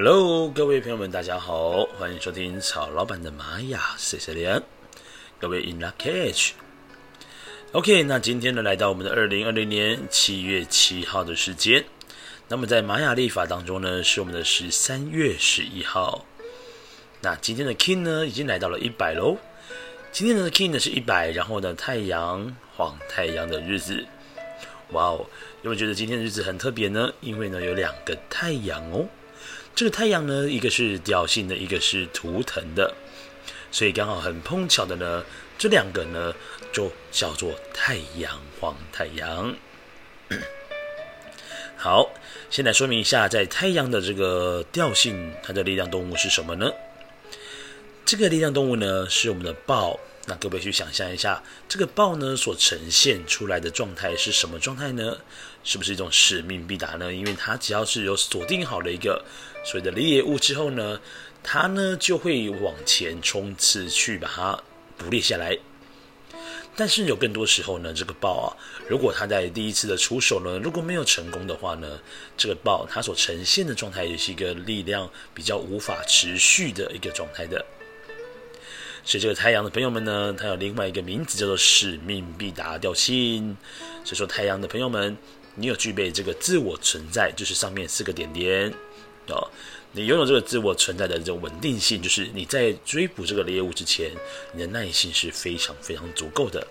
Hello，各位朋友們，大家好，歡迎收聽草老板的瑪雅碎碎念，各位 In Lak'ech。OK，那今天呢，來到我們的二零二零年七月七號的時間，那麼在瑪雅曆法當中呢，是我們的十三月十一號。那今天的 Kin 呢，已經來到了一百嘍。今天的 Kin 呢是一百，然後呢太陽黃太陽的日子，哇哦！有沒有覺得今天的日子很特別呢？因為呢有兩個太陽哦。這個太陽呢，一個是調性的一個是圖騰的，所以剛好很碰巧的呢，這兩個呢就叫做太陽黃太陽。 好，先來說明一下，在太陽的這個調性，它的力量動物是什麼呢？這個力量動物呢是我們的豹。那各位去想象一下，這個豹呢所呈現出來的狀態是什麼狀態呢？是不是一種使命必達呢？因為它只要是有鎖定好了一個所謂的獵物之後呢，它呢就會往前衝刺去把它捕獵下來。但是有更多時候呢，這個豹啊，如果它在第一次的出手呢，如果沒有成功的話呢，這個豹它所呈現的狀態也是一個力量比較無法持續的一個狀態的。所以這個太陽的朋友們呢，它有另外一個名字叫做使命必達調性。所以說太陽的朋友們，你有具備這個自我存在，就是上面四個點點哦，你擁有這個自我存在的這種穩定性，就是你在追捕這個獵物之前，你的耐心是非常非常足夠的。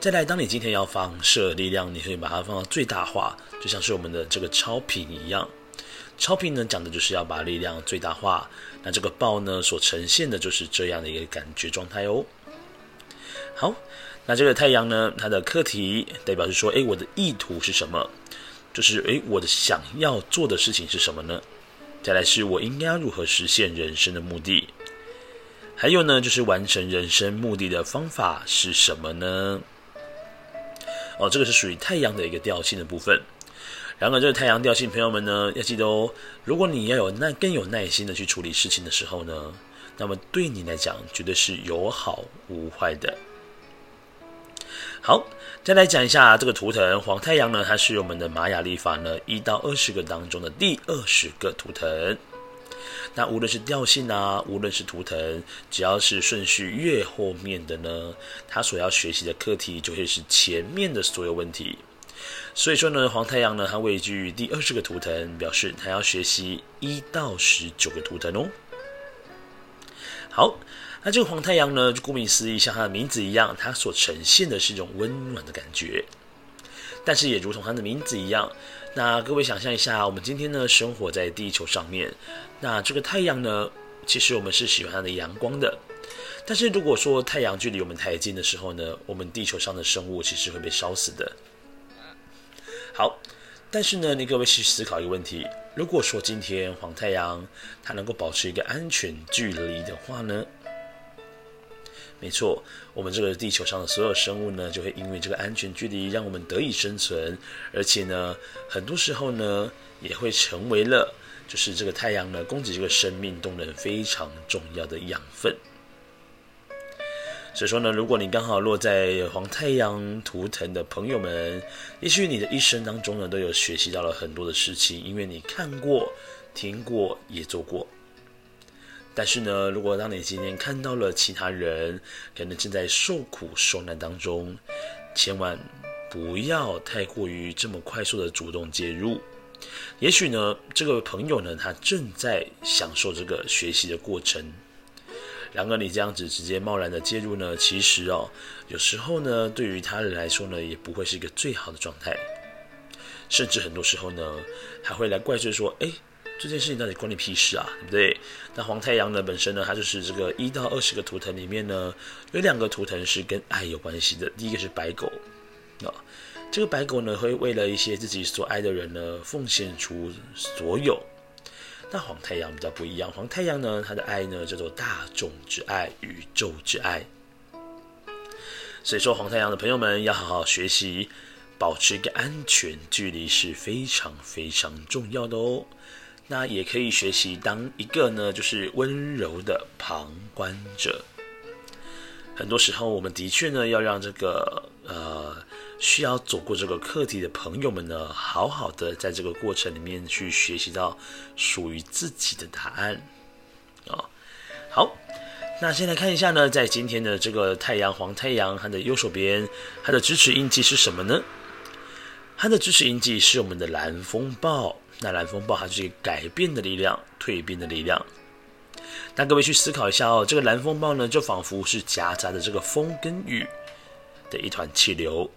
再來，當你今天要放射力量，你可以把它放到最大化，就像是我們的這個超頻一樣。超頻呢，講的就是要把力量最大化。那這個豹呢，所呈現的就是這樣的一個感覺狀態哦。好，那這個太陽呢，它的課題代表是說，誒，我的意圖是什麼？就是誒，我的想要做的事情是什麼呢？再來是，我應該如何實現人生的目的？還有呢，就是完成人生目的的方法是什麼呢？哦，這個是屬於太陽的一個調性的部分。然後這個太陽調性，朋友們呢，要記得哦。如果你要有耐更有耐心的去處理事情的時候呢，那麼對你來講絕對是有好無壞的。好，再來講一下這個圖騰黃太陽呢，它是我們的瑪雅曆法呢，一到二十個當中的第二十個圖騰。那無論是調性啊，無論是圖騰，只要是順序越後面的呢，它所要學習的課題就會是前面的所有問題。所以說呢，黃太陽呢，它位居第二十個圖騰，表示它要學習一到十九個圖騰哦。好，那這個黃太陽呢，就顧名思義，像它的名字一樣，它所呈現的是一種溫暖的感覺。但是也如同它的名字一樣，那各位想象一下，我們今天呢，生活在地球上面，那這個太陽呢，其實我們是喜歡它的陽光的。但是如果說太陽距離我們太近的時候呢，我們地球上的生物其實會被燒死的。好，但是呢，你各位去思考一個問題，如果說今天黃太陽它能夠保持一個安全距離的話呢，沒錯，我們這個地球上的所有生物呢，就會因為這個安全距離，讓我們得以生存，而且呢，很多時候呢，也會成為了就是這個太陽呢供給這個生命動能非常重要的養分。所以說呢，如果你剛好落在黃太陽圖騰的朋友們，也許你的一生當中呢，都有學習到了很多的事情，因為你看過、聽過、也做過。但是呢，如果當你今天看到了其他人可能正在受苦受難當中，千萬不要太過於這麼快速的主動介入。也許呢，這個朋友呢，他正在享受這個學習的過程。然而，兩個你這樣子直接貿然的介入呢，其實哦，有時候呢，對於他人來說呢，也不會是一個最好的狀態。甚至很多時候呢，還會來怪罪說：“哎，這件事情到底關你屁事啊，對不對？”那黃太陽呢，本身呢，它就是這個一到二十個圖騰裡面呢，有兩個圖騰是跟愛有關係的。第一個是白狗，啊、哦，這個白狗呢，會為了一些自己所愛的人呢，奉獻出所有。那黃太陽比較不一樣，黃太陽呢，它的愛呢叫做大眾之愛、宇宙之愛。所以說，黃太陽的朋友們要好好學習，保持一個安全距離是非常非常重要的哦。那也可以學習當一個呢，就是溫柔的旁觀者。很多時候，我們的確呢要讓這個呃。需要走過這個課題的朋友們呢，好好的在這個過程裡面去學習到屬於自己的答案啊，哦。好，那先來看一下呢，在今天的這個太陽黃太陽它的右手邊，它的支持印記是什麼呢？它的支持印記是我們的藍風暴。那藍風暴它是一個改變的力量，蛻變的力量。那各位去思考一下哦，這個藍風暴呢，就仿佛是夾雜着這個風跟雨的一團氣流。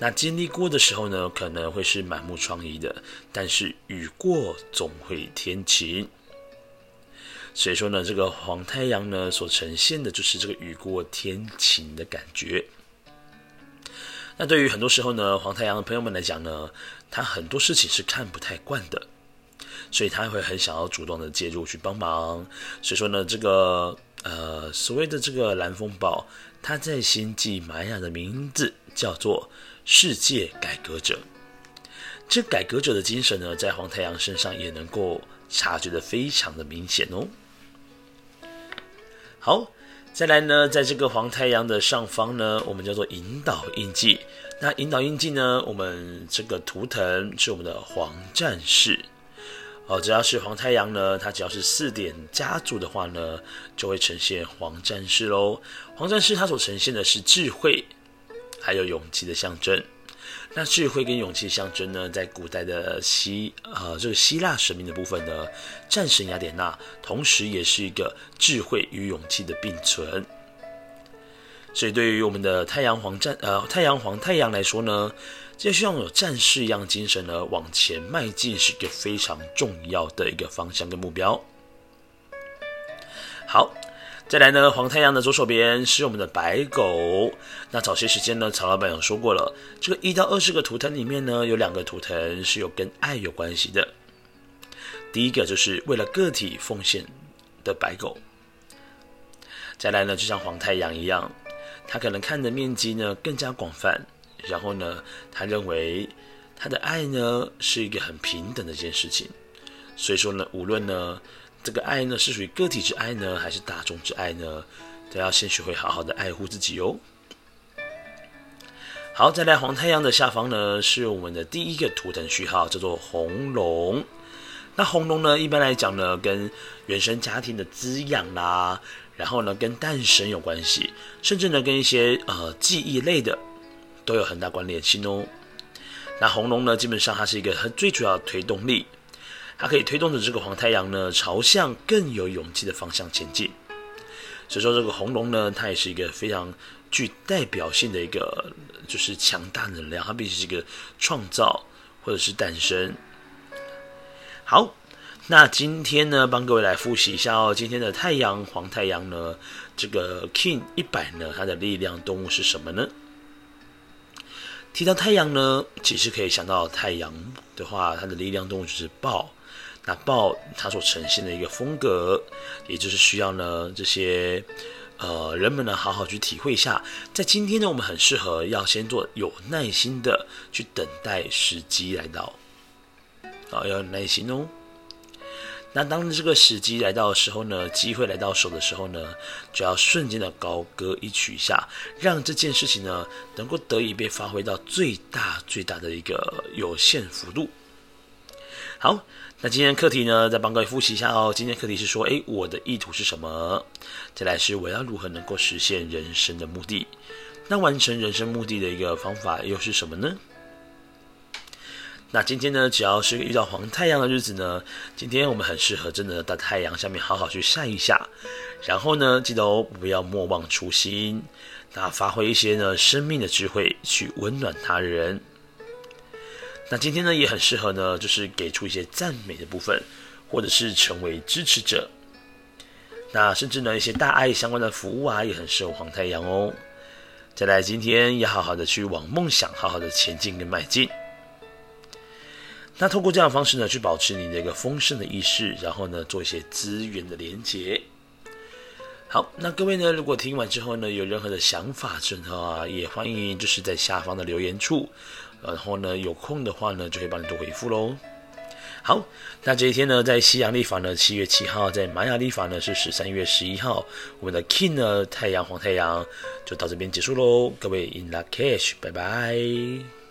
那經歷過的時候呢，可能會是滿目瘡痍的，但是雨過總會天晴。所以說呢，這個黃太陽呢，所呈現的就是這個雨過天晴的感覺。那對於很多時候呢，黃太陽的朋友們來講呢，他很多事情是看不太慣的，所以他會很想要主動的介入去幫忙。所以說呢，這個呃，所謂的這個藍風暴，它在星際瑪雅的名字叫做，世界改革者，這改革者的精神呢，在黃太陽身上也能夠察覺得非常的明顯哦。好，再來呢，在這個黃太陽的上方呢，我們叫做引導印記。那引導印記呢，我們這個圖騰是我們的黃戰士哦。只要是黃太陽呢，它只要是四點家族的話呢，就會呈現黃戰士嘍。黃戰士它所呈現的是智慧。還有勇氣的象徵，那智慧跟勇氣的象徵呢，在古代的希呃，就是這個希臘神明的部分呢，戰神雅典娜，同時也是一個智慧與勇氣的並存。所以，對於我們的太陽黃戰呃太陽黃太陽來說呢，就像有戰士一樣精神呢往前邁進，是一個非常重要的一個方向跟目標。好。再來呢，黃太陽的左手邊是我們的白狗。那早些時間呢，曹老板有說過了，這個一到二十個圖騰裡面呢，有兩個圖騰是有跟愛有關係的。第一個就是為了個體奉獻的白狗。再來呢，就像黃太陽一樣，他可能看的面積呢更加廣泛，然後呢，他認為他的愛呢是一個很平等的一件事情，所以說呢，無論呢。這個愛呢，是屬於個體之愛呢，還是大眾之愛呢？都要先學會好好的愛護自己喲、哦。好，再來，黃太陽的下方呢，是我們的第一個圖騰序號，叫做紅龍。那紅龍呢，一般來講呢，跟原生家庭的滋養啦，然後呢，跟誕生有關係，甚至呢，跟一些呃記憶類的都有很大關聯性哦。那紅龍呢，基本上它是一個最主要推動力。它可以推動着這個黃太陽呢，朝向更有勇氣的方向前進。所以說，這個紅龍呢，它也是一個非常具代表性的一個，就是強大能量。它畢竟是一個創造或者是誕生。好，那今天呢，幫各位來複習一下哦。今天的太陽黃太陽呢，這個 King 一百呢，它的力量動物是什麼呢？提到太陽呢，其實可以想到太陽的話，它的力量動物就是豹。那豹它所呈現的一個風格，也就是需要呢這些，呃人們呢好好去體會一下。在今天呢，我們很適合要先做有耐心的去等待時機來到，啊，要有耐心哦。那當這個時機來到的時候呢，機會來到手的時候呢，就要瞬間的高歌一曲一下，讓這件事情呢能夠得以被發揮到最大最大的一個有限幅度。好，那今天課題呢，再幫各位復習一下哦。今天課題是說，哎，我的意圖是什麼？再來是我要如何能夠實現人生的目的？那完成人生目的的一個方法又是什麼呢？那今天呢，只要是遇到黃太陽的日子呢，今天我們很適合真的到太陽下面好好去曬一下。然後呢，記得哦，不要莫忘初心，那發揮一些呢生命的智慧去溫暖他人。那今天呢也很適合呢，就是給出一些讚美的部分，或者是成為支持者。那甚至呢一些大愛相關的服務啊，也很適合黃太陽哦。再來今天要好好的去往夢想，好好的前進跟邁進。那透過這樣的方式呢，去保持你的一個豐盛的意識，然後呢做一些資源的連接。好，那各位呢，如果聽完之後呢有任何的想法的話啊，也歡迎就是在下方的留言處。然後呢，有空的話呢，就可以幫你做回復嘍。好，那這一天呢，在西洋曆法呢，七月七號，在瑪雅曆法呢是十三月十一號。我們的 King 呢，太陽黃太陽就到這邊結束嘍。各位 In l a k a s h 拜拜。